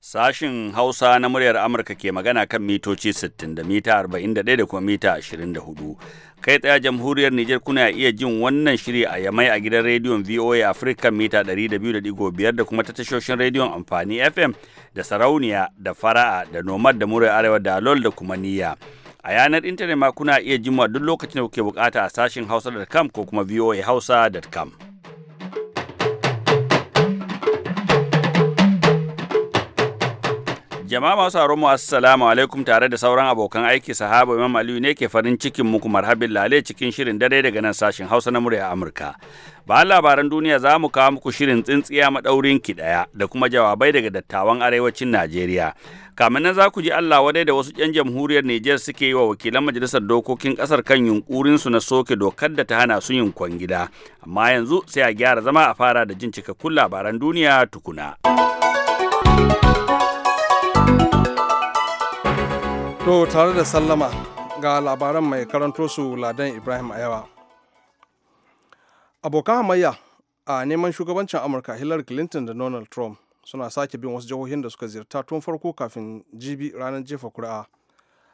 Sashin Hausa na muryar Amurka ke magana kan mitoci 60 da mita 41 da kuma mita 24. Kai tsaya jamhuriyar Nijar kuna iya jin wannan shiri a yamai a gidan rediyon VOA Africa mita 200.5 da kuma ta tashoshin rediyon amfani FM da sarauniya da fara'a da nomad da muryar arewa da alol da kuma niyya. a yanar intanet ma kuna iya jima duk lokacin da kuke bukata a sashin hausa.com ko kuma voahausa.com jama'a masu mu assalamu alaikum tare da sauran abokan aiki sahaba imam aliyu ne ke farin cikin muku marhabin lale cikin shirin dare daga nan sashin hausa na murya amurka ba labaran duniya za mu kawo muku shirin tsintsiya maɗaurin ki ɗaya da kuma jawabai daga dattawan arewacin najeriya kamin nan za ku ji Allah wadai da wasu 'yan jamhuriyar Nijar suke yi wa wakilan majalisar dokokin ƙasar kan yunkurin su na soke dokar da ta hana su yin kwangila Amma yanzu sai a gyara zama a fara da jin cikakkun labaran duniya tukuna. To tare da sallama ga labaran mai karanto su Ladan Ibrahim Ayawa. Abokan hamayya a neman shugabancin Amurka Hillary Clinton da Donald Trump suna sake bin wasu jihohin da suka ziyarta tun farko kafin jibi ranar jefa kuri'a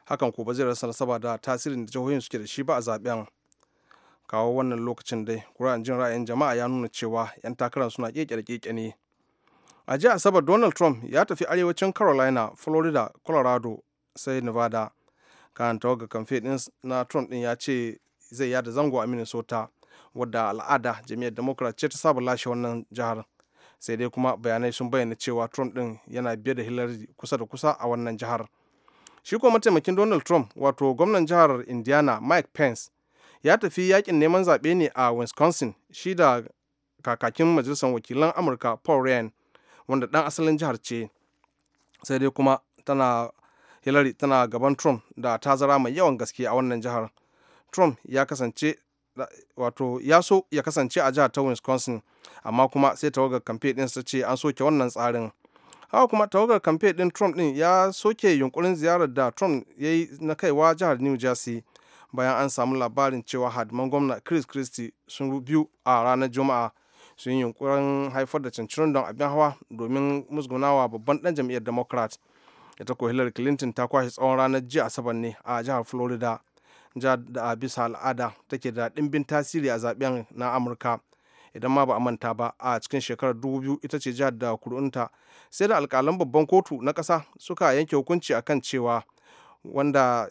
hakan ko ba zai rasa nasaba da tasirin da jihohin suke da shi ba a zaben kawo wannan lokacin dai kuri'an jin ra'ayin jama'a ya nuna cewa 'yan takarar suna keke da keke ne a jiya asabar donald trump ya tafi arewacin carolina florida colorado sai nevada kan ga kamfe din na trump din ya ce zai yada zango a minnesota wadda al'ada jami'ar democrat ce ta saba lashe wannan jihar sai dai kuma bayanai sun bayyana cewa trump din yana biye da hillary kusa da kusa a wannan jihar shi kuma mataimakin donald trump wato gwamnan jihar indiana mike pence ya tafi yakin neman zaɓe ne a wisconsin shi da kakakin majalisar wakilan amurka paul ryan wanda ɗan asalin jihar ce sai dai kuma tana hillary tana gaban trump da tazara mai yawan gaske a wannan jihar trump ya kasance wato ya so ya kasance a jihar ta wisconsin amma kuma sai tawagar kamfe din su ce an soke wannan tsarin haka kuma tawagar kamfe din trump din ya soke yunkurin ziyarar da trump ya yi na kaiwa jihar new jersey bayan an samu labarin cewa hadman gwamna chris christie sun biyu a ranar juma'a sun yi yunkurin haifar da cincirin don abin hawa domin musgunawa babban dan jam'iyyar democrat ita ko hillary clinton ta kwashe tsawon ranar jiya asabar ne a jihar florida jihar da bisa al'ada take da ɗimbin tasiri a zaben na amurka idan ma ba a manta ba a cikin shekarar 2000 ita ce jihar da kur'unta sai da alkalan babban kotu na ƙasa suka yanke hukunci akan cewa wanda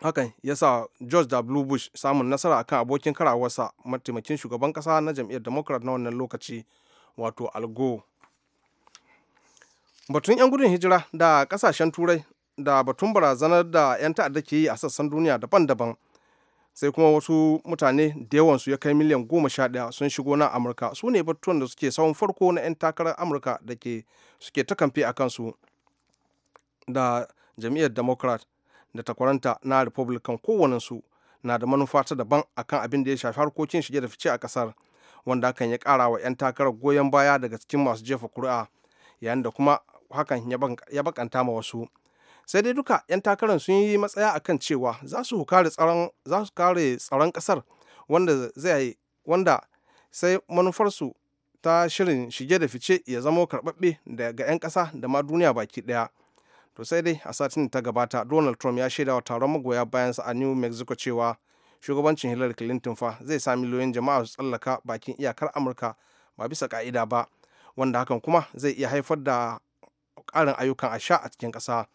hakan ya sa george w bush samun nasara akan abokin karawarsa mataimakin shugaban kasa na jam'iyyar democrat na wannan lokaci wato algo batun 'yan gudun hijira da kasashen turai da batun barazanar da 'yan ta'adda ke yi a sassan duniya daban-daban sai kuma wasu mutane da yawansu ya kai miliyan goma sha ɗaya sun shigo na amurka su ne batutuwan da suke sawun farko na 'yan takarar amurka da ke suke ta kamfe a kansu da jam'iyyar democrat da takwaranta na republican kowanensu na da manufa ta daban akan abin da ya shafi harkokin shige da fice a kasar wanda hakan ya kara wa 'yan takarar goyon baya daga cikin masu jefa kuri'a yayin da kuma hakan ya bakanta ma wasu sai dai duka 'yan takarar sun yi matsaya akan cewa za su kare tsaron kasar wanda sai manufarsu ta shirin shige da fice ya zama karɓaɓɓe daga 'yan ƙasa da ma duniya baki ɗaya to sai dai a satin ta gabata donald trump ya shaidawa taron magoya bayansa a new mexico cewa shugabancin hillary clinton fa zai sa miliyoyin jama'a su tsallaka bakin iyakar amurka ba bisa ka'ida ba wanda hakan kuma zai iya haifar da ƙarin ayyukan asha a cikin ƙasa.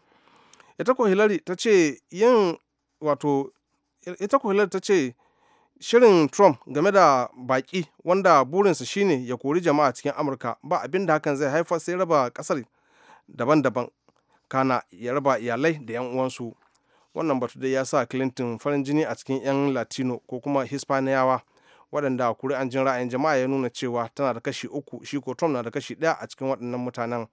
ita ko hillary ta ce shirin trump game da baki wanda burinsa shine ya kori jama'a cikin amurka ba abin da hakan zai haifar sai raba kasar daban-daban kana ya raba iyalai da 'yan uwansu wannan batu dai ya sa clinton farin jini a cikin 'yan latino ko kuma hispaniyawa waɗanda kuri'an jin ra'ayin jama'a ya nuna cewa tana da kashi uku shi ko trump na da kashi ɗaya a cikin waɗannan mutanen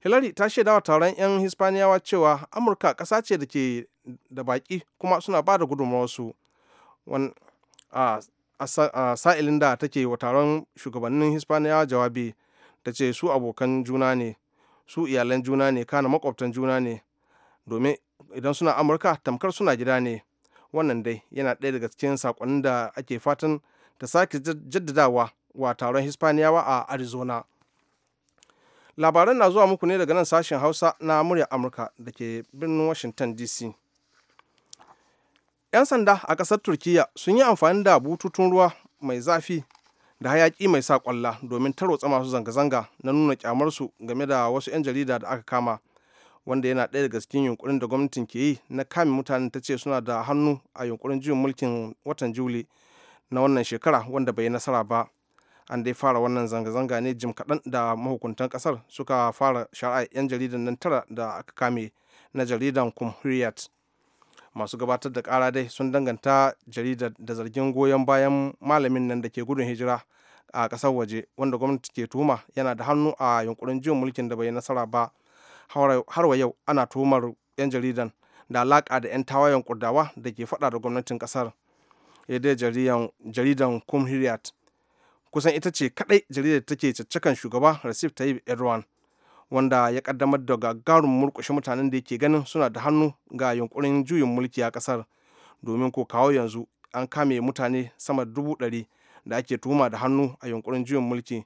hillary ta shaidawa taron 'yan hispaniyawa cewa amurka kasa ce da ke da baƙi kuma suna ba da gudunmawarsu a sa'ilin da take wa taron shugabannin hispaniyawa jawabi ta ce su abokan juna ne su iyalan juna ne kana makwabtan juna ne domin idan suna amurka tamkar suna gida ne wannan dai yana ɗaya daga cikin saƙonin da ake fatan ta sake jaddadawa wa taron hispaniyawa a arizona labaran na zuwa muku ne daga nan sashen hausa na murya amurka da ke birnin washington dc 'yan sanda a ƙasar turkiya sun yi amfani da bututun ruwa mai zafi da hayaƙi mai sa ƙwalla domin tarwatsa masu zanga-zanga na nuna kyamarsu game da wasu 'yan jarida da aka kama wanda yana ɗaya daga cikin yunkurin da gwamnatin ke yi na kame mutanen ta ce suna da hannu a yunkurin juyin mulkin watan juli na wannan shekara wanda bai yi nasara ba an dai fara wannan zanga-zanga ne jim kaɗan da mahukuntan ƙasar suka fara shari'a 'yan jaridan nan tara da aka kame na jaridan kumhuriyat masu gabatar da ƙara dai sun danganta jaridar da zargin goyon bayan malamin nan da ke gudun hijira a ƙasar waje wanda gwamnati ke tuhuma yana da hannu a yunkurin jiwon mulkin da bai nasara ba har wa yau ana tuhumar 'yan jaridan da alaƙa da 'yan tawayen kurdawa da ke faɗa da gwamnatin ƙasar ya dai jaridan kumhuriyat kusan ita ce kaɗai jaridar take caccakan shugaba recep tayyip erdogan wanda ya kaddamar da gagarin murkushe mutanen da yake ganin suna da hannu ga yunkurin juyin mulki a kasar domin ko kawo yanzu an kame mutane sama da dubu ɗari da ake tuhuma da hannu a yunkurin juyin mulki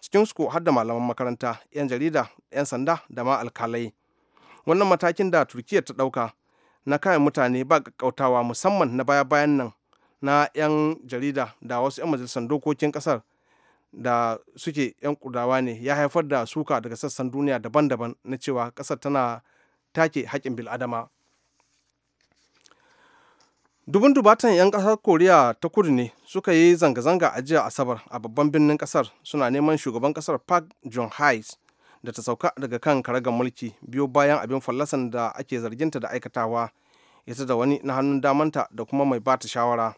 cikin su har da malaman makaranta 'yan jarida 'yan sanda da ma alkalai wannan matakin da turkiya ta ɗauka na kame mutane ba kautawa musamman na baya-bayan nan na 'yan jarida da wasu 'yan majalisar dokokin kasar. da suke 'yan kudawa ne ya haifar da suka daga sassan duniya daban-daban na cewa ƙasar tana take haƙƙin bil'adama dubun dubatan 'yan ƙasar koriya ta kudu ne suka yi zanga-zanga a jiya asabar a babban birnin ƙasar suna neman shugaban ƙasar park john da ta sauka daga kan karagar mulki biyo bayan abin fallasan da ake zarginta da aikatawa ita da wani na hannun damanta da kuma mai bata shawara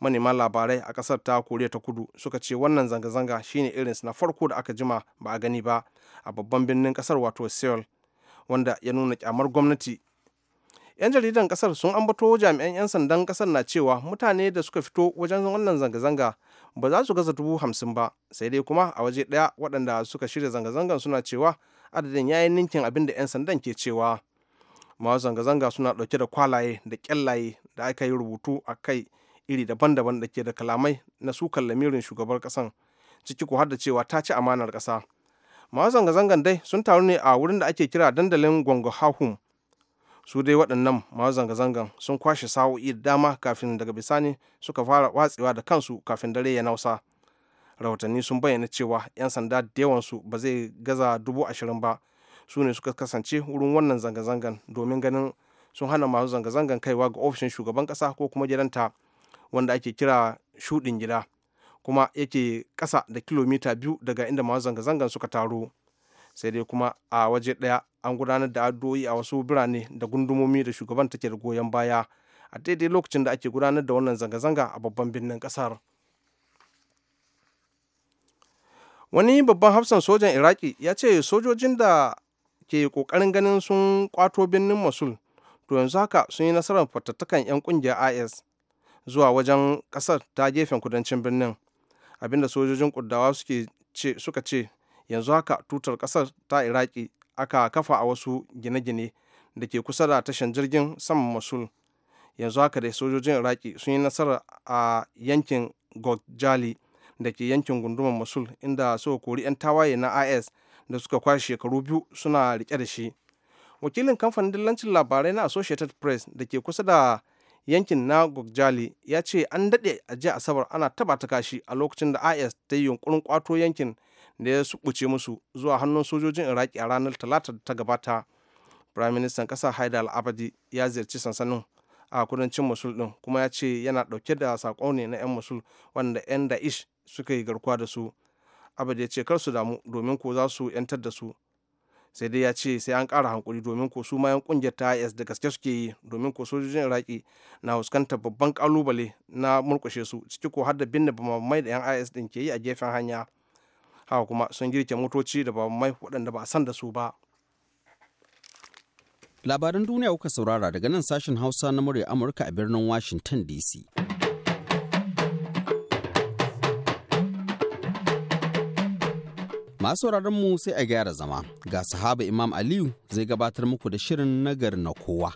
manema labarai a kasar ta koriya ta kudu suka ce wannan zanga-zanga shine irinsu na farko da aka jima ba a gani ba a babban birnin kasar wato seoul wanda ya nuna kyamar gwamnati 'yan jaridan kasar sun ambato jami'an 'yan sandan kasar na cewa mutane da suka fito wajen wannan zanga-zanga ba za su gaza dubu hamsin ba sai dai kuma a waje ɗaya waɗanda suka shirya zanga-zangan suna cewa adadin yayin ninkin abin da 'yan sandan ke cewa masu zanga-zanga suna ɗauke da kwalaye da ƙyallaye da aka yi rubutu a kai iri daban-daban da ke da kalamai na sukan lamirin shugabar kasan ciki ko har da cewa ta ci amanar kasa masu zanga-zangan dai sun taru ne a wurin da ake kira dandalin hahu su dai waɗannan masu zanga-zangan sun kwashe sa'o'i da dama kafin daga bisani suka fara watsewa da kansu kafin dare ya nausa rahotanni sun bayyana cewa 'yan sanda da yawansu ba zai gaza dubu ashirin ba su ne suka kasance wurin wannan zanga-zangan domin ganin sun hana masu zanga-zangan kaiwa ga ofishin shugaban ƙasa ko kuma gidanta wanda ake kira shuɗin gida kuma yake ƙasa da kilomita biyu daga inda masu zanga-zangan suka taro sai dai kuma a waje ɗaya an gudanar da addu'o'i a wasu birane da gundumomi da shugaban take da goyon baya a daidai lokacin da ake gudanar da wannan zanga-zanga a babban birnin ƙasar wani babban hafsan sojan iraki ya ce sojojin da ke kokarin ganin sun kwato birnin mosul to yanzu haka sun yi nasarar fatattakan 'yan kungiyar is zuwa wajen kasar ta gefen kudancin birnin abinda sojojin kudawa suka ce yanzu haka tutar kasar ta iraki aka kafa a wasu gine-gine da ke kusa da tashan jirgin saman masul yanzu haka da sojojin iraki sun yi nasara a yankin gojali da ke yankin gundumar masul inda suka kori 'yan tawaye na is da suka kwashe shekaru biyu suna rike da shi wakilin kamfanin dillancin labarai na associated press da ke kusa da yankin na gogjali ya ce an daɗe a jiya asabar ana taba ta kashi a lokacin da is ta yi yunkurin kwato yankin da ya suɓuce musu zuwa hannun sojojin iraki a ranar talata da ta gabata prime minister ƙasa haidar al'abadi ya ziyarci sansanin a kudancin musul ɗin kuma ya ce yana ɗauke da saƙo ne na 'yan musul wanda 'yan da'ish suka yi garkuwa da su abadi ya ce kar su damu domin ko za su 'yantar da su sai dai ya ce sai an kara hankuri domin ko su ma yan kungiyar ta is da gaske suke yi domin ko sojojin iraki na fuskantar babban kalubale na murkushe su ciki ko har da binne bamamai da yan is din ke yi a gefen hanya haka kuma sun girke motoci da bamamai waɗanda ba a san da su ba labaran duniya kuka saurara daga nan sashen hausa na murya amurka a birnin washington dc Masu mu sai a gyara zama, ga sahaba Imam Aliyu zai gabatar muku da shirin nagar na kowa.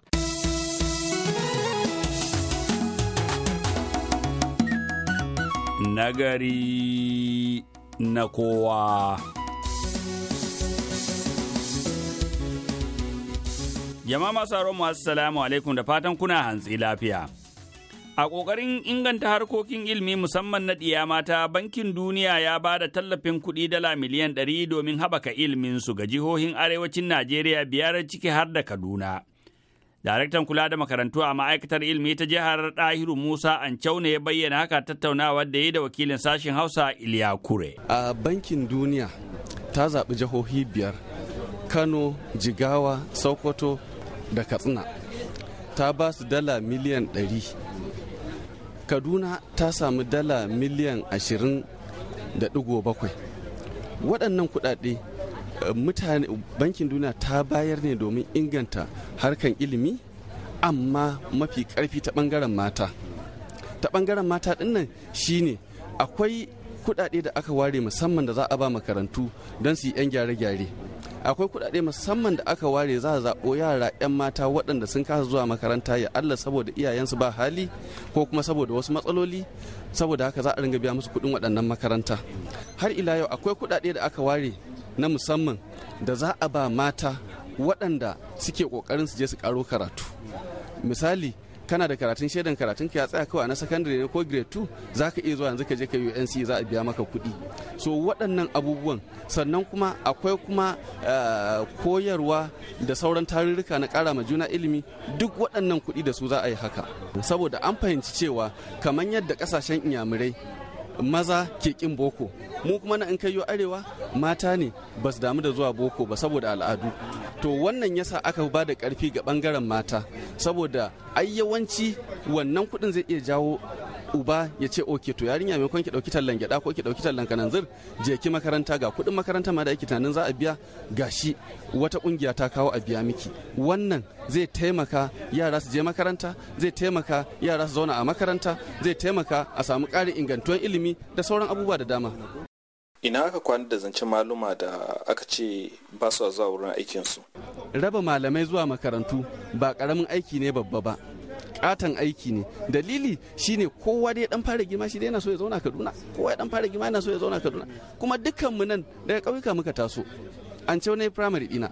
Nagari na kowa. Jama'a masu mu assalamu alaikum da fatan kuna hantsi lafiya. A ƙoƙarin inganta harkokin ilmi musamman na ɗiya mata, Bankin Duniya ya ba da tallafin kuɗi dala miliyan ɗari domin haɓaka su ga jihohin arewacin Najeriya biyar ciki har da Kaduna. Daraktan kula da makarantu a ma'aikatar ilmi ta jihar Ɗahiru Musa Ancau ne ya bayyana haka tattaunawa da ya da wakilin sashen Hausa Iliya Kure. A Bankin Duniya ta zaɓi jihohi biyar Kano, Jigawa, Sokoto da Katsina. Ta ba su dala miliyan ɗari kaduna ta samu dala miliyan 20.7 waɗannan kuɗaɗe eh, mutane bankin duniya ta bayar ne domin inganta harkan ilimi amma mafi ƙarfi ta ɓangaren mata ta ɓangaren mata ɗinnan shine akwai kuɗaɗe da aka ware musamman da za a ba makarantu don su yi 'yan gyare-gyare akwai kuɗaɗe musamman da aka ware za a zaɓo yara 'yan mata waɗanda sun kasa zuwa makaranta ya Allah saboda iyayensu ba hali ko kuma saboda wasu matsaloli saboda haka za a ringa biya musu kudin waɗannan makaranta har ila yau akwai kuɗaɗe da aka ware na musamman da za a ba mata waɗanda suke ƙoƙarin su je su karo karatu misali kana da karatun shaidan karatun ka ya tsaya kawai na secondary ne ko grade 2 za ka iya zuwa yanzu ka je ka UNC za a biya maka kuɗi so waɗannan abubuwan sannan kuma akwai kuma eh, koyarwa da sauran tarurruka na ƙara ma juna ilimi duk waɗannan kuɗi da su za a yi haka saboda an fahimci cewa kamar yadda ƙasashen inyamurai maza ke kin boko mu kuma na in kai arewa mata ne ba su damu da zuwa boko ba saboda al'adu to wannan yasa aka ba da karfi ga bangaren mata saboda ai yawanci wannan kudin zai iya jawo uba ya ce oke to yarinya mai ki dauki tallan gyada ko ki dauki tallan kananzir je ki makaranta ga kudin makaranta ma da ake tunanin za a biya gashi wata kungiya ta kawo a biya miki wannan zai taimaka yara su je makaranta zai taimaka yara su zauna a makaranta zai taimaka a samu ƙarin ingantuwan ilimi da sauran abubuwa da dama ina aka kwana da zancen maluma da aka ce ba su zuwa wurin aikinsu raba malamai zuwa makarantu ba karamin aiki ne babba ba katon aiki ne dalili shine kowa dai dan fara girma shi dai yana so ya zauna kaduna kowa ya dan fara girma yana so ya zauna kaduna kuma dukkan mu nan daga kauyuka muka taso an ce wani primary dina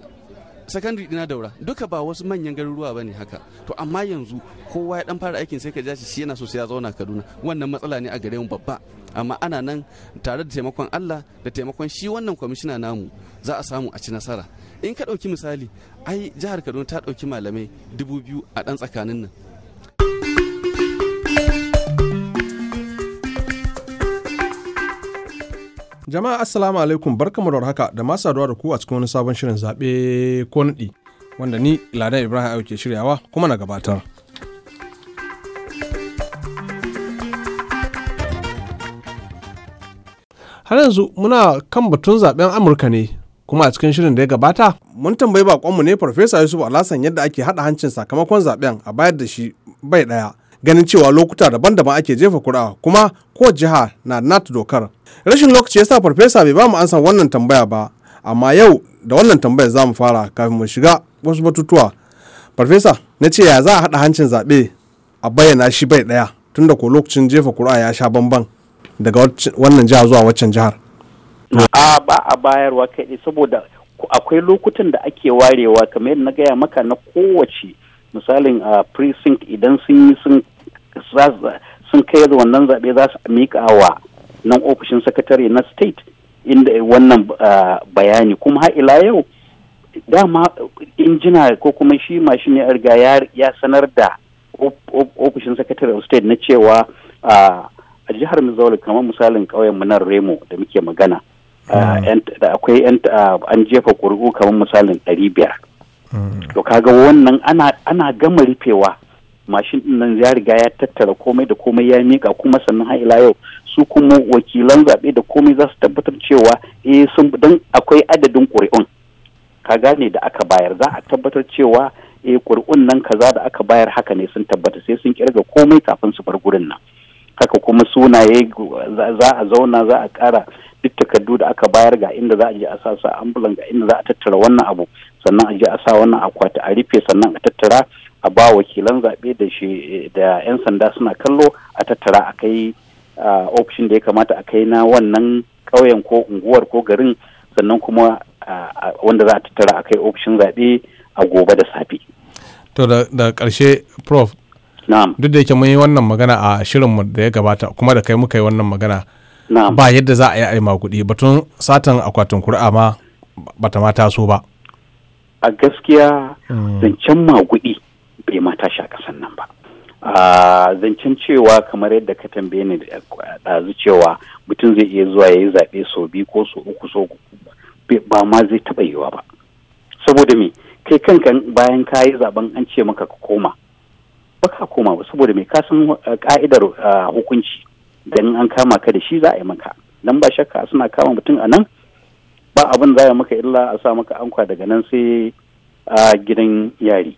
secondary dina daura duka ba wasu manyan garuruwa bane haka to amma yanzu kowa ya dan fara aikin sai ka ja shi yana so sai ya zauna Kaduna wannan matsala ne a gare mu babba amma ana nan tare da taimakon Allah da taimakon shi wannan kwamishina namu za a samu a ci nasara in ka ɗauki misali ai jihar Kaduna ta ɗauki malamai dubu biyu a ɗan tsakanin nan Jama'a assalamu alaikum barkamu da haka da masu saduwa da ku a cikin wani sabon shirin zaɓe ko naɗi wanda ni Ladan Ibrahim Ayo ke shiryawa kuma na gabatar. Har yanzu muna kan batun zaɓen Amurka ne kuma a cikin shirin da ya gabata. Mun tambayi baƙonmu ne Farfesa Yusuf alasan yadda ake haɗa hancin sakamakon zaɓen a bayar da shi bai ɗaya ganin cewa lokuta daban-daban ake jefa kura kuma ko jiha na nata dokar rashin lokaci yasa farfesa bai ba mu ansan wannan tambaya ba amma yau da wannan tambayar za mu fara kafin mu shiga wasu batutuwa farfesa na ce ya za a haɗa hancin zaɓe a bayyana shi bai ɗaya tunda ko lokacin jefa kura ya sha bamban daga wannan jiha zuwa waccan jihar a ba a bayarwa kai saboda akwai lokutan da ake warewa kamar yadda na gaya maka na kowace misalin a precinct idan sun yi sun kai wannan zaɓe za su mika wa nan ofishin sakatare na state inda wannan bayani kuma har ila yau dama injina ko kuma shi mashin ya riga ya sanar da ofishin secretary of state na cewa a jihar mizawar kamar misalin ƙauyen mu Remo da muke magana hmm. da akwai an jefa ƙuri'u kamar misalin ɗari biyar to kaga wannan ana ana gama rufewa mashin din nan ya riga ya tattara komai da komai ya mika kuma sannan har ila yau su kuma wakilan zaɓe da komai za su tabbatar cewa eh sun dan akwai adadin ƙuri'un kaga ne da aka bayar za a tabbatar cewa eh ƙuri'un nan kaza da aka bayar haka ne sun tabbata sai sun kirga komai kafin su bar gurin nan haka kuma sunaye za a zauna za a ƙara duk takardu da aka bayar ga inda za a je a sa su ambulan ga inda za a tattara wannan abu sannan a je a sa wannan akwati a rufe sannan a tattara a ba wakilan zaɓe da shi da 'yan sanda suna kallo a tattara a kai option da ya kamata a kai na wannan ƙauyen ko unguwar ko garin sannan kuma wanda za a tattara a kai option zaɓe a gobe da safe. To da ƙarshe prof duk da yake mun yi wannan magana a shirin shirinmu da ya gabata kuma da kai muka yi wannan magana ba yadda za a yi a yi maguɗi batun satan akwatin kuri'a ma bata ma taso ba. a gaskiya ah. zancen magudi bai ma tashi a ƙasan nan ba a ah, zancen cewa kamar yadda ka tambaye ni ɗazu cewa mutum zai iya zuwa yayi yi zaɓe sau biyu ko sau uku so ba ma zai taɓa yiwa ba saboda me kai kanka bayan ka yi zaben an ce maka ka koma ba ka koma ba saboda me ka san ka'idar ah, hukunci dan an kama ka da shi za a yi maka nan ba shakka suna kama mutum a nan ba abin za ya maka illa a sa maka ankwa daga nan sai a gidan yari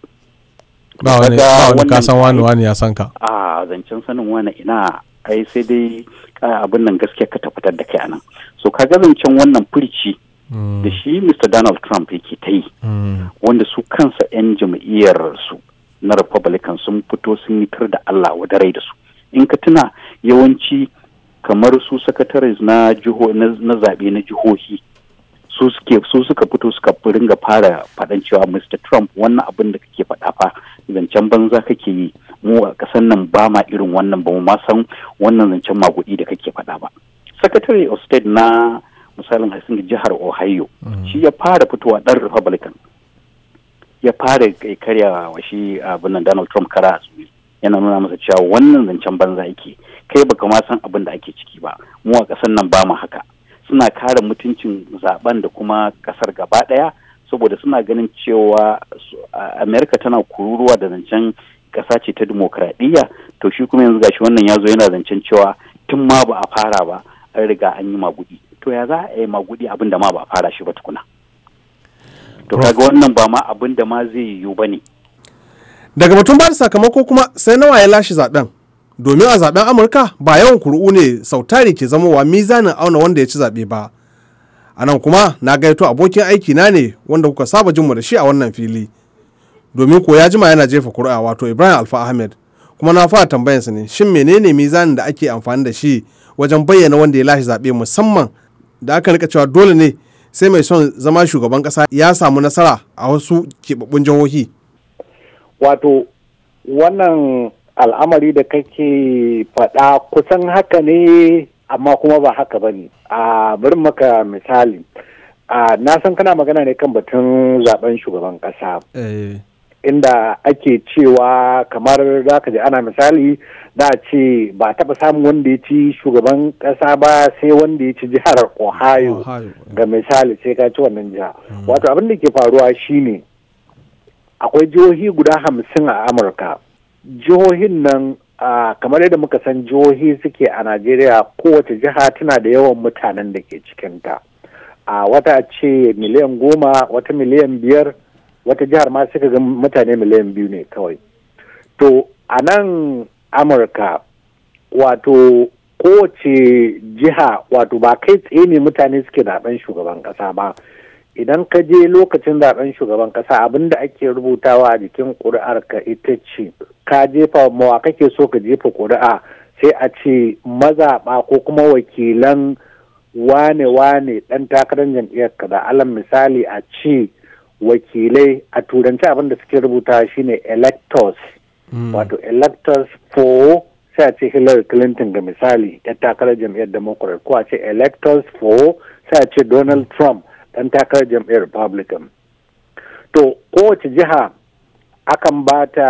ba wani ka san wani wani ya san ka a zancen sanin wani ina ai sai dai abin nan gaskiya ka tabbatar da kai anan so ka ga zancen wannan furici hmm. da shi Mr. Donald Trump yake ta yi hmm. wanda su kansa 'yan jam'iyyar su na Republican sun fito sun yi kar da Allah wa da su in ka tuna yawanci kamar su sakatare na zaɓe na jihohi su suke su suka fito suka ringa fara faɗan cewa Mr. Trump wannan abin da kake faɗa fa zancen banza kake yi mu a ƙasar nan ba ma irin wannan ba mu ma san wannan zancen magudi da kake faɗa ba. Secretary of State na misalin hasin jihar Ohio mm. shi ya fara fitowa ɗan Republican ya fara kai karya wa shi abin Donald Trump kara yana nuna masa cewa wannan zancen banza yake kai baka ma san abin da ake ciki ba mu a kasan nan ba mu haka suna kare mutuncin zaben da kuma kasar gaba daya saboda suna ganin cewa amerika tana kururuwa da zancen kasa ce ta demokradiyya to shi kuma yanzu gashi wannan ya zo yana zancen cewa tun ma ba a fara ba an riga an yi magudi to ya za a yi magudi abin da ma ba a fara shi ba tukuna to kaga wannan ba ma abin da ma zai yiwu ba ne daga batun ba da sakamako kuma sai nawa ya lashe zaben domin a zaben amurka ba yawan kuri'u ne sau sautari ke zamowa mizanin auna wanda ya ci zaɓe ba a nan kuma na gaito abokin aiki na ne wanda kuka saba jin mu da shi a wannan fili domin ko ya jima yana jefa kuri'a wato ibrahim alfa ahmed kuma na fara tambayansa ne shin menene mizanin da ake amfani da shi wajen bayyana wanda ya lashe zaɓe musamman da aka rika cewa dole ne sai mai son zama shugaban ƙasa ya samu nasara a wasu keɓaɓɓun jihohi wato wannan al'amari da kake faɗa kusan haka ne amma kuma ba haka ba ne a bari maka misali a na san kana magana ne kan batun zaben shugaban ƙasa eh. inda ake cewa kamar za ka ji ana misali za ce ba taba samun wanda ya ci shugaban ƙasa ba sai wanda ya ci jihar ohio eh. ga misali sai ka ci wannan jiha hmm. wato abin da ke faruwa shine akwai jihohi guda hamsin a amurka jihohin nan kamar yadda muka san jihohi suke a najeriya kowace jiha tana da yawan mutanen da ke cikinta a wata ce miliyan goma wata miliyan biyar wata jihar ma suka ga mutane miliyan biyu ne kawai to a nan amurka wato kowace jiha wato ba kai tsaye ne mutane suke zaben shugaban kasa ba idan ka je lokacin zaben shugaban kasa abin da ake rubutawa a jikin ƙuri'ar ka ita ce ka jefa mawa kake so ka jefa ƙuri'a sai a ce mazaɓa ko kuma wakilan wane-wane ɗan takarar jam'iyyar da alam misali a ce wakilai a turanci abin da suke rubuta shine electors hmm. wato electors for sai a ce hillary clinton ga misali ya takarar jam'iyyar democrat ko a ce electors for sai a ce donald trump ɗan takarar jam'iyyar republican to kowace jiha akan ba ta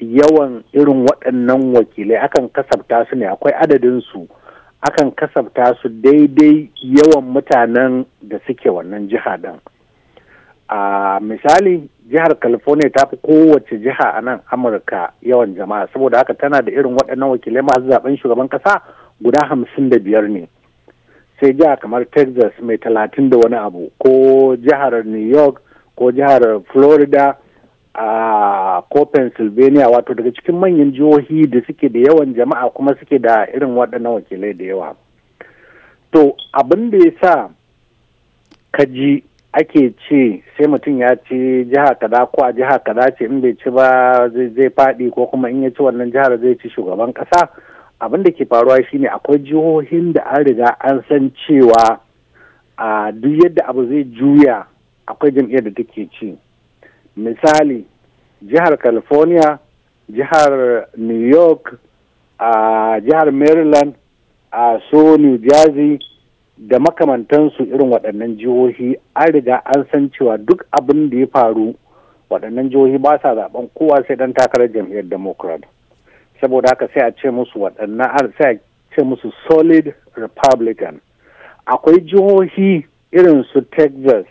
yawan irin waɗannan wakilai akan kasafta su ne akwai adadin su akan kasafta su daidai yawan mutanen da suke wannan jiha ɗin a misali jihar california ta fi kowace jiha a nan amurka yawan jama'a saboda haka tana da irin waɗannan wakilai masu zaben shugaban ƙasa guda hamsin da biyar ne sai jiha kamar texas mai talatin da wani abu ko jihar new york ko jihar florida a ko pennsylvania wato daga cikin manyan jihohi da suke da yawan jama'a kuma suke da irin waɗannan wakilai da yawa to abin da ya sa kaji ake ce sai mutum ya ce jiha kaza ko a jiha kaza ce in bai ci ba zai faɗi ko kuma in ya ci wannan jihar zai ci shugaban ƙasa abin da ke faruwa shine akwai jihohin da an riga an san cewa a duk yadda abu zai juya akwai jam'iyyar da take ci misali jihar california jihar new york a jihar maryland a so new jersey da makamantansu irin waɗannan jihohi an riga an san cewa duk abin da ya faru waɗannan jihohi ba sa zaben kowa sai ɗan takarar jam'iyyar democrat saboda haka sai a ce musu waɗannan sai a ce musu solid republican akwai jihohi irin su texas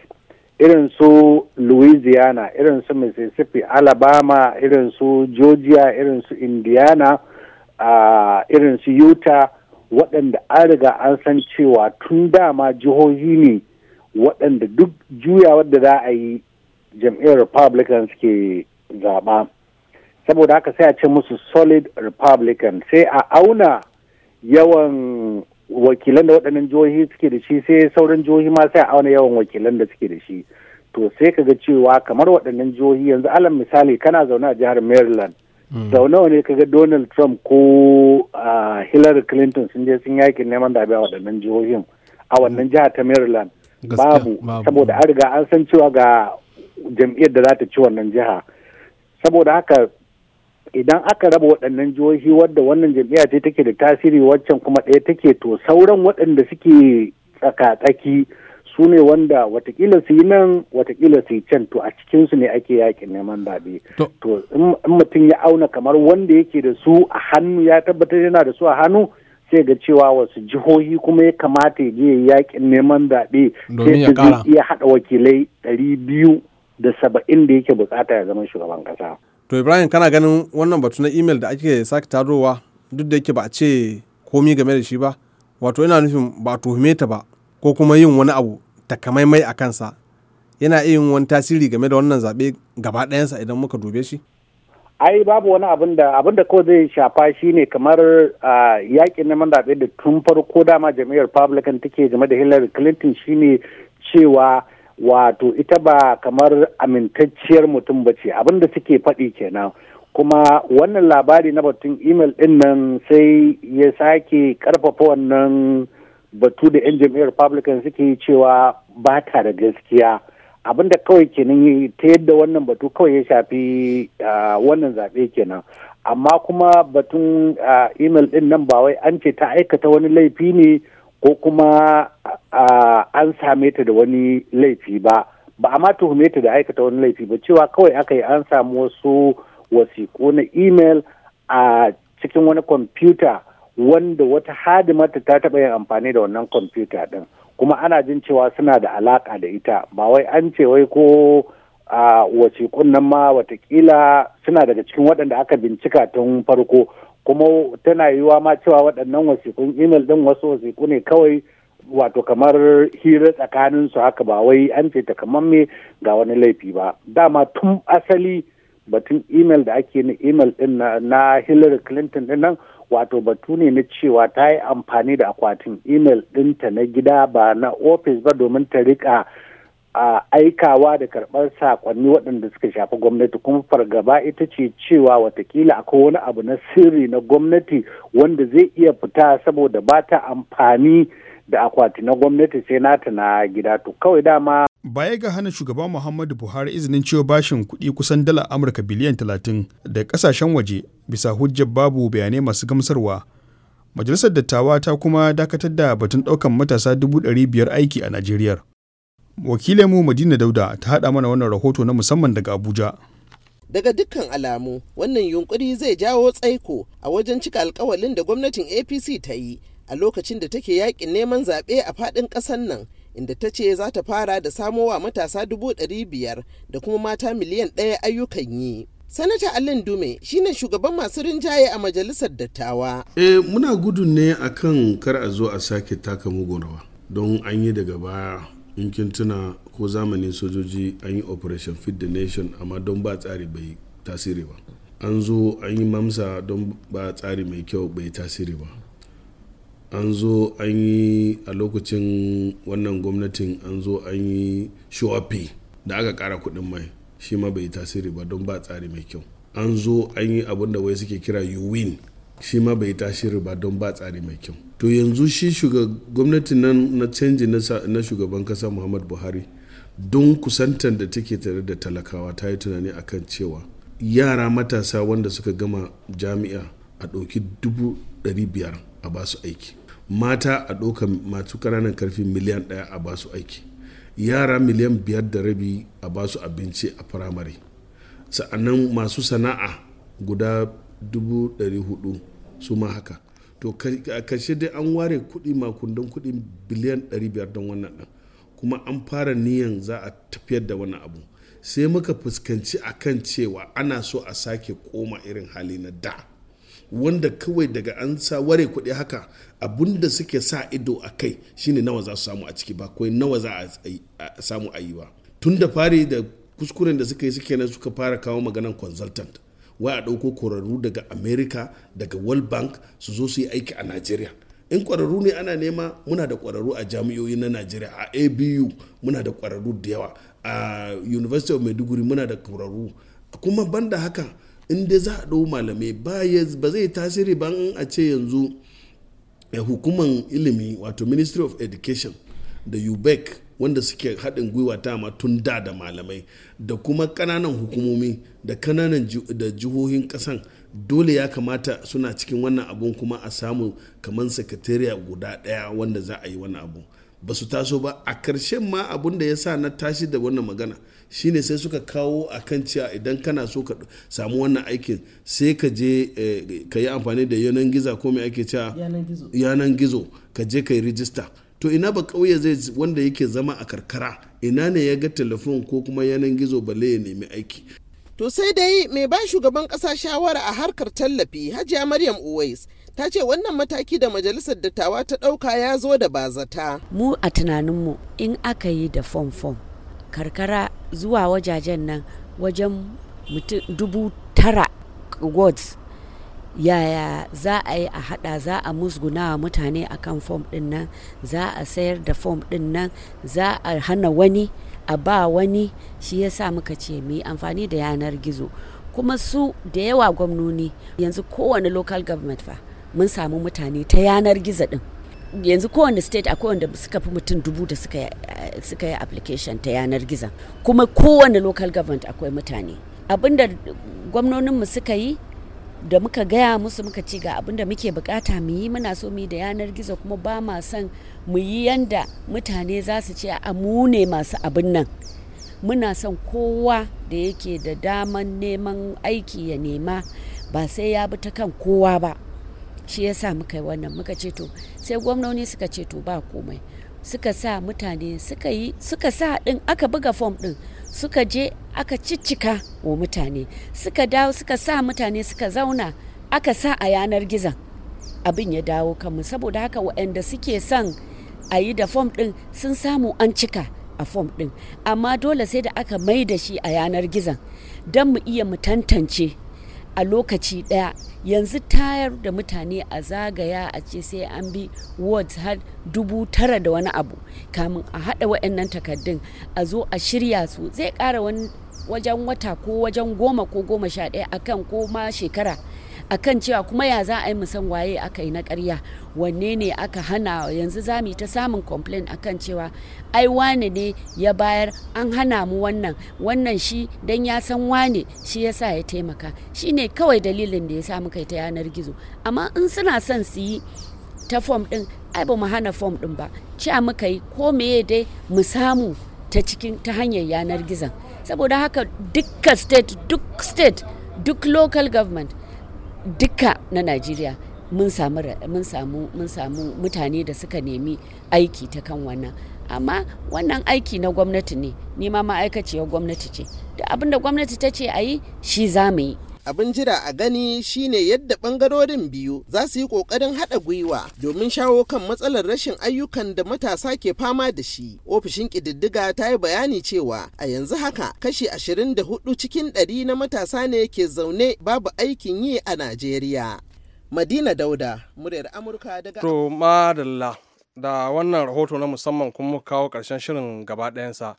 irin su louisiana irin su mississippi alabama irin su georgia irin su indiana uh, irin su utah waɗanda an riga an san cewa tun dama jihohi ne waɗanda duk juya da za a yi jam'iyyar republicans ke zaɓa saboda haka sai a ce musu solid republican sai a auna yawan wakilan da waɗannan jihohi suke da shi sai sauran jihohi ma sai a auna yawan wakilan da suke da shi to sai kaga cewa kamar waɗannan jihohi yanzu alam misali kana zaune a jihar maryland hmm. sau nawa ne kaga donald trump ko hillary clinton sun je sun yaƙi neman zaɓe a waɗannan jihohin a wannan hmm. jiha ta maryland babu saboda an riga an san cewa ga jam'iyyar da za ta ci wannan jiha saboda haka idan aka raba waɗannan jihohi wadda wannan jam'iyya ce take da tasiri waccan kuma ɗaya take to sauran waɗanda suke tsaka-tsaki su ne wanda watakila su yi nan watakila su yi can to a cikinsu ne ake yakin neman zaɓe to in mutum ya auna kamar wanda yake da su a hannu ya tabbatar yana da su a hannu sai ga cewa wasu jihohi kuma ya kamata ya je yakin neman zaɓe sai su iya haɗa wakilai ɗari biyu da saba'in da yake bukata ya zama shugaban ƙasa. to ibrahim kana ganin wannan batu na imel da ake sake tarowa duk da yake ba a ce komi game da shi ba wato yana nufin ba tuhume ta ba ko kuma yin wani abu takamaimai a kansa yana iya yin wani tasiri game da wannan zaɓe gaba ɗayansa idan muka dube shi ai babu wani abin da abin da kawai zai shafa shi ne kamar yakin na zaɓe da tun farko dama jami'ar republican take game da hillary clinton shine cewa wato ita ba kamar amintacciyar mutum ba ce abinda suke faɗi kenan kuma wannan labari na batun imel ɗin nan sai ya sake karfafa wannan batu da 'yan jami'ar republican suke cewa ba ta da gaskiya abinda kawai kenan ta yadda wannan batu kawai ya shafi wannan zaɓe kenan amma kuma batun imel ɗin nan ba wai an ce ta aikata wani laifi ne ko kuma an same ta da wani laifi ba ba a ma tuhume ta da aikata wani laifi ba cewa kawai aka yi an samu wasu wasiƙu na email a cikin wani kwamfuta wanda wata hadimata ta taɓa yin amfani da wannan kwamfuta ɗin kuma ana jin cewa suna da alaƙa da ita ba wai an ce wai ko a wasiƙun nan ma watakila suna daga cikin waɗanda aka bincika tun farko kuma tana yiwuwa ma cewa waɗannan wasiƙun imel ɗin wasu wasiƙu ne kawai wato kamar hira tsakanin su haka ba wai an ce me ga wani laifi ba dama tun asali batun imel da ake na imel ɗin na hillary clinton ɗin nan wato batu ne na cewa ta yi amfani da akwatin imel ɗinta na gida ba na ofis ba domin ta rika a aikawa da karɓar saƙonni waɗanda suka shafi gwamnati kuma fargaba ita ce cewa watakila akwai wani abu na sirri na gwamnati wanda zai iya fita saboda ba ta amfani da akwati na gwamnati sai nata na gida to kawai dama baya ga hana shugaba muhammadu buhari izinin cewa bashin kuɗi kusan dala amurka biliyan talatin da ƙasashen waje bisa hujjar babu bayanai masu gamsarwa majalisar dattawa ta kuma dakatar da batun ɗaukan matasa dubu ɗari biyar aiki a najeriya wakilinmu madina dauda ta haɗa mana wannan rahoto na musamman daga abuja daga dukkan alamu wannan yunkuri zai jawo tsaiko a wajen cika alkawalin da gwamnatin apc ta yi a lokacin da take yakin neman zaɓe a faɗin ƙasar nan inda ta ce za ta fara da samowa matasa dubu ɗari biyar da kuma mata miliyan ɗaya ayyukan yi sanata allen dume shine shugaban masu rinjaye a majalisar dattawa e muna gudu ne akan kar a zo a sake taka mugun don an yi daga baya in kin ko zamanin sojoji an yi operation feed the nation amma don ba tsari bai tasiri ba an zo an yi mamsa don ba tsari mai kyau bai tasiri ba an zo an yi a lokacin wannan gwamnatin an zo an yi showafi da aka kara kudin mai shi ma bai tasiri ba don ba tsari mai kyau an zo an yi abin da wai suke kira you win shi ma bai tasiri ba don ba tsari mai kyau to yanzu shi gwamnati nan na canji na shugaban kasa muhammad buhari don kusantar da take tare da talakawa ta yi tunani a kan cewa yara matasa wanda suka gama jami'a a ɗauki dubu ɗari biyar a basu aiki mata a ɗauka masu ƙananan karfi miliyan ɗaya a basu aiki yara miliyan biyar da rabi a basu abinci a firamare sa'annan masu sana'a guda dubu ɗari hudu su ma haka to a karshe dai an ware kuɗi makundan kuɗi biliyan 500 don wannan ɗan kuma an fara niyan za a tafiyar da wannan abu sai muka fuskanci akan cewa ana so a sake koma irin hali na da wanda kawai daga an sa ware kuɗi haka abun da suke sa ido a kai shine nawa za su samu a ciki ba kawai nawa za a samu a yi ba tun da fari da kuskuren da suka yi suke nan suka fara kawo maganan consultant wai a ɗauko kwararru daga america daga world bank su zo su yi aiki a nigeria in kwararru ne ana nema muna da kwararru a jami'o'i na nigeria a abu muna da kwararru da yawa a university of maiduguri muna da kwararru kuma banda haka in dai za a ɗau malamai ba zai tasiri ba a ce yanzu eh, hukumar ilimi wato ministry of education da ubec wanda suke haɗin gwiwa ta ma tun da da malamai da kuma ƙananan hukumomi da ƙananan da jihohin ƙasan dole ya kamata suna cikin wannan abun kuma a samu kamar sakatariya guda ɗaya wanda za a yi wannan abun ba su taso ba a ƙarshen ma abun da ya sa na tashi da wannan magana shine sai suka kawo a kan cewa idan kana so ka samu wannan aikin sai ka je eh, ka yi amfani da yanan gizo ko mai ake cewa yanan gizo ka je ka yi rijista to ina ba kauye zai wanda yake zama a karkara ina ne ya ga telefon ko kuma yanan gizo bale ya nemi aiki to sai dai mai ba shugaban kasa shawara a harkar tallafi hajiya maryam uwais ta ce wannan mataki da majalisar dattawa ta dauka ya zo da bazata mu a tunaninmu in aka yi da fom fom karkara zuwa wajajen nan wajen dubu tara wards yaya za a yi a hada za a musguna wa mutane akan fom din nan za a sayar da fom din nan za a hana wani a ba wani shi ya sa muka ce mu amfani da yanar gizo kuma su da yawa gwamnoni yanzu kowane local government fa mun samu mutane ta yanar gizo din yanzu kowane state a kowane suka fi mutum dubu da eh, suka yi application ta yanar gizo kuma kowane local government akwai mutane abinda gwamnoninmu suka yi da muka gaya musu muka ci ga abin da muke bukata mu yi muna so mu yi da yanar gizo kuma ba ma son mu yi yanda mutane za su ce a mu ne masu abin nan muna son kowa da yake da daman neman aiki ya nema ba sai ya bi ta kan kowa ba shi yasa muka yi wannan muka ce to sai gwamnoni suka ce to ba komai suka sa mutane suka yi suka sa din aka buga fom din suka je aka ciccika wa mutane suka dawo suka sa mutane suka zauna aka sa a yanar gizon abin ya dawo kanmu saboda haka waɗanda suke son a yi da fom ɗin sun samu an cika a fom ɗin amma dole sai da aka mai da shi a yanar gizon don mu iya mu tantance a lokaci ɗaya yanzu tayar da mutane a zagaya a ce sai an bi words har dubu tara da wani abu kamin a haɗa waɗannan takardun a zo a shirya su zai ƙara wani wajen wata ko wajen goma ko goma sha ɗaya akan ko ma shekara akan cewa kuma ya za a yi musan waye aka yi na karya wanne ne aka hana yanzu za mu ta samun complain kan cewa ai wane ne ya bayar an hana mu wannan wannan shi dan ya san wane shi yasa ya taimaka shi ne kawai dalilin da ya sa muka ta yanar gizo amma in suna son su yi ta form din ai ba mu hana form din ba cewa muka yi ko meye dai mu samu ta cikin ta hanyar yanar gizon saboda haka duk state duk state duk local government duka na najeriya mun samu mun samu mun samu mutane da suka nemi aiki ta kan wannan amma wannan aiki na gwamnati ne ni ma ma'aikaciyar gwamnati ce da abinda gwamnati ta ce a yi shi za mu yi Abin jira a gani shine yadda bangarorin biyu za su yi kokarin haɗa gwiwa domin shawo kan matsalar rashin ayyukan da matasa ke fama da shi. Ofishin ƙididdiga ta yi bayani cewa a yanzu haka kashi ashirin da hudu cikin 100 na matasa ne ke zaune babu aikin yi a Najeriya. Madina Dauda, muryar Amurka daga. To, da wannan rahoto na musamman kuma kawo ƙarshen shirin gaba ɗayansa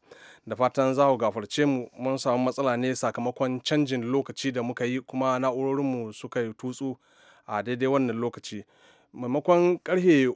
da fatan za ku gafarce mu mun samu matsala ne sakamakon canjin lokaci da muka yi kuma na'urorinmu suka yi tutsu a daidai wannan lokaci maimakon karfe